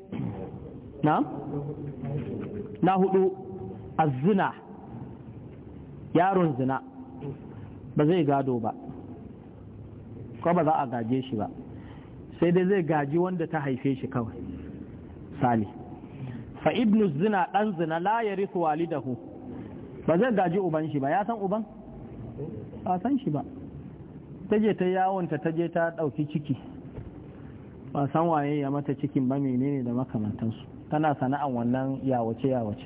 na na hudu azzina yaron zina ba zai gado ba ko ba za a gaje shi ba sai dai zai gaji wanda ta haife shi kawai sali fa ibnu zina dan zina la yarithu walidahu ba zai gaji uban shi ba ya san uban ba san shi ba Ta je ta yawonta je ta dauki ciki ba san waye ya mata cikin ba menene da makamantansu tana sana'an wannan yawace yawace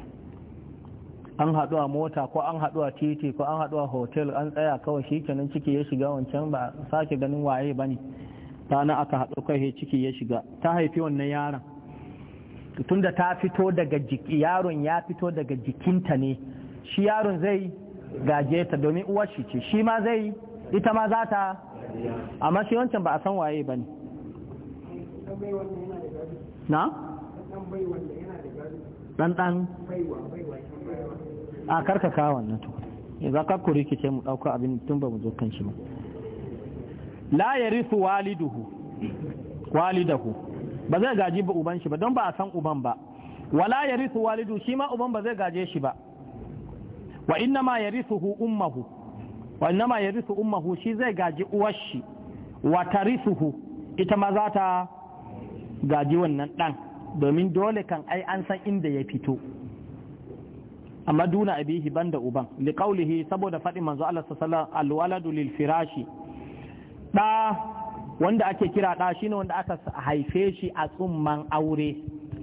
an haɗu a mota ko an haɗu a titi ko an haɗu a hotel an tsaya kawai shi kenan ciki ya shiga wancan ba sake ganin waye ba ne rana aka haɗu kai ciki ya shiga ta haifi wannan yaron tunda ta fito daga jiki yaron ya fito daga jikinta ne shi yaron zai gaje ta domin uwar shi ce shi ma zai ita ma za ta amma shi wancan ba a san waye ba ne na? ɗan a karkaka wannan to za ka ku rikice mu ɗauka abin tun ba mu zo kan shi ba la ya rifu waliduhu walidahu ba zai gaji ba uban shi ba don ba a san uban ba wala ya rifu walidu shi ma uban ba zai gaje shi ba wa inna ma ya hu ummahu wa inna ma ya rifu ummahu shi zai gaji uwar shi wa ta hu ita ma za ta gaji wannan ɗan domin dole kan ai an san inda ya fito amma duna abihi banda uban liqaulihi saboda faɗin manzo Allah sallallahu alwaladu lil firashi da wanda ake kira da shine wanda aka haife shi a tsumman aure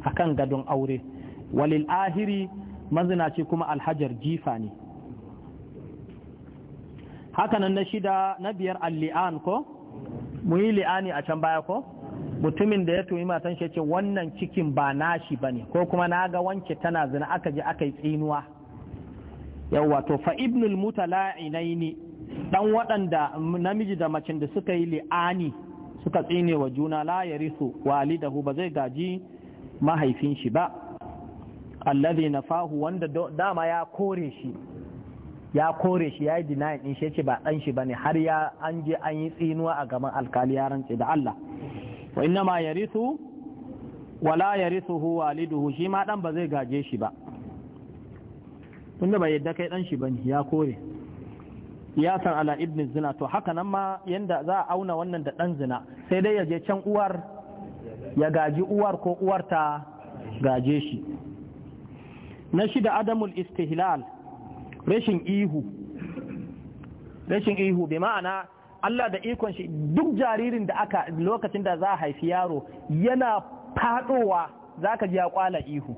akan gadon aure walil ahiri mazinaci kuma alhajar jifa ne Haka nan na shida na biyar al-li'an ko muyi li'ani a can baya ko mutumin da ya tumi matan shi ce wannan cikin ba nashi bane ko kuma na ga wance tana zina aka je aka yi tsinuwa yawwa to fa ibnul mutala'inaini dan waɗanda namiji da macin da suka yi li'ani suka tsine wa juna la yarisu walidahu ba zai gaji mahaifin shi ba alladhi nafahu wanda dama ya kore shi ya kore shi ya yi dinayin din shi ce ba dan shi bane har ya an je an yi tsinuwa a gaban alkali ya rantse da Allah wa inna ma yarithu wala yarithuhu waliduhu shi ma dan ba zai gaje shi ba tunda bai yadda kai dan shi bane ya kore ya san ala ibn zina to haka nan ma yanda za a auna wannan da dan zina sai dai ya je can uwar ya gaji uwar ko uwar ta gaje shi na shida adamul istihlal rashin ihu rashin ihu bi ma'ana Allah da ikon shi duk jaririn da aka lokacin da za a haifi yaro yana fadowa za ka ji ya kwala ihu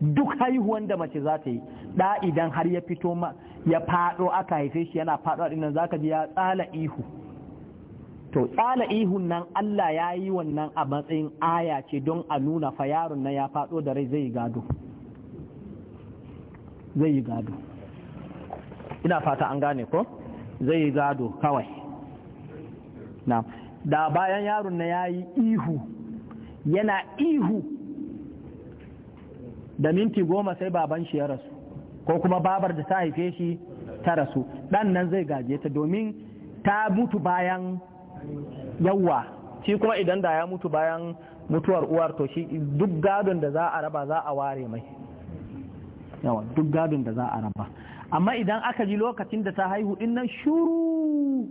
duk haihuwan da mace za ta yi da idan har ya fito ma ya fado aka haife shi yana fado nan za ka ji ya tsala ihu to tsala ihun nan Allah ya yi wannan a matsayin aya ce don a nuna fa yaron nan ya fado da rai zai gado zai gado ina fata an gane ko zai gado kawai na da bayan yaron na ya yi ihu yana ihu da minti goma sai baban shi ya rasu ko kuma babar da ta haife shi ta rasu dan nan zai gaje ta domin ta mutu bayan yawa shi kuma idan da ya mutu bayan mutuwar uwar to shi duk gadon da za a raba za a ware mai yawa duk gadon da za a raba amma idan aka ji lokacin da ta haihu din nan shuru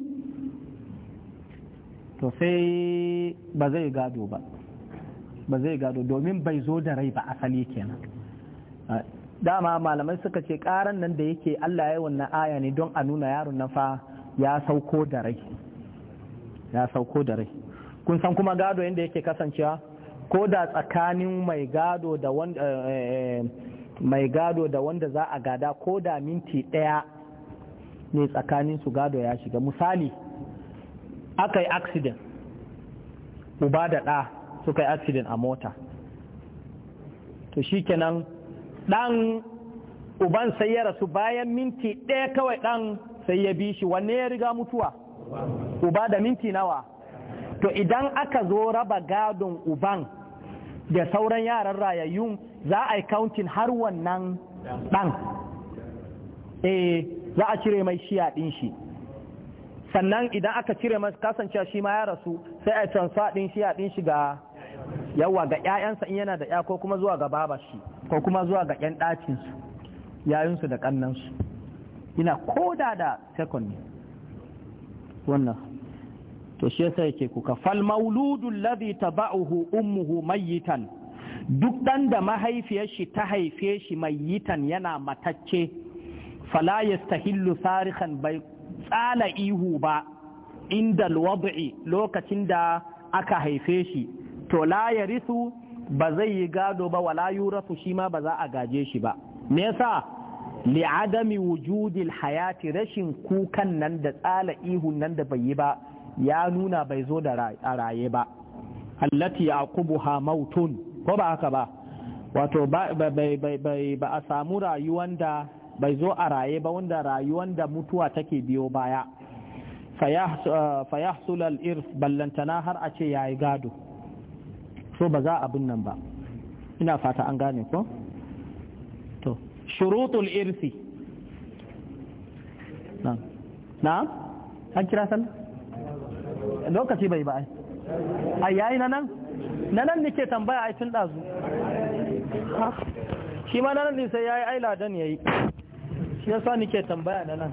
to sai ba zai gado ba ba zai gado domin bai zo da rai ba asali kenan dama malamai suka ce karan nan da yake Allah ya yi wannan aya ne don a nuna yaron nan fa ya sauko da rai ya sauko da rai kun san kuma gado yadda yake kasancewa ko da tsakanin mai gado da wanda eh, eh, mai gado da wanda za a gada ko da minti ɗaya ne tsakanin su gado ya shiga misali aka yi aksiden uba da ɗa suka yi aksiden a mota to shi kenan ɗan uban sai ya rasu bayan minti ɗaya kawai ɗan sai ya bi shi wanne ya riga mutuwa uba da minti nawa to idan aka zo raba gadon uban da sauran yaran rayayyun za a yi kauntin har wannan ɗan eh za a cire mai shiya ɗin shi sannan idan aka cire mai kasancewa shi ma ya rasu sai a transfer ɗin shiya ɗin shi ga yawa ga 'ya'yansa in yana da ƴa ko kuma zuwa ga baba shi ko kuma zuwa ga ƴan ɗacinsu yayinsu da ƙannansu ina koda da second wannan to shi yasa yake kuka fal mauludu ladhi taba'uhu ummuhu mayyitan duk dan da mahaifiyar shi ta haife shi mayyitan yana matacce fala yastahillu sarihan bai tsala ihu ba inda alwad'i lokacin da aka haife shi to la yarisu ba zai yi gado ba wala yurasu shi ma ba za a gaje shi ba me yasa li'adami wujudil hayati rashin kukan nan da tsala ihun nan da bai yi ba ya nuna bai zo da raye ba allati ha mautun ko ba haka ba wato ba a samu rayuwan da bai zo a raye ba wanda rayuwan da mutuwa take biyo baya uh, fayahsul al-irs ballantana har a ce yayi gado so ba za abin nan ba ina fata an gane ko to shurutul irsi na an kira sallah lokaci bai ba ai yayi na nan na nan nike tambaya ai tun dazu shi ma na nan din sai yayi ai ladan yayi shi yasa nike tambaya na nan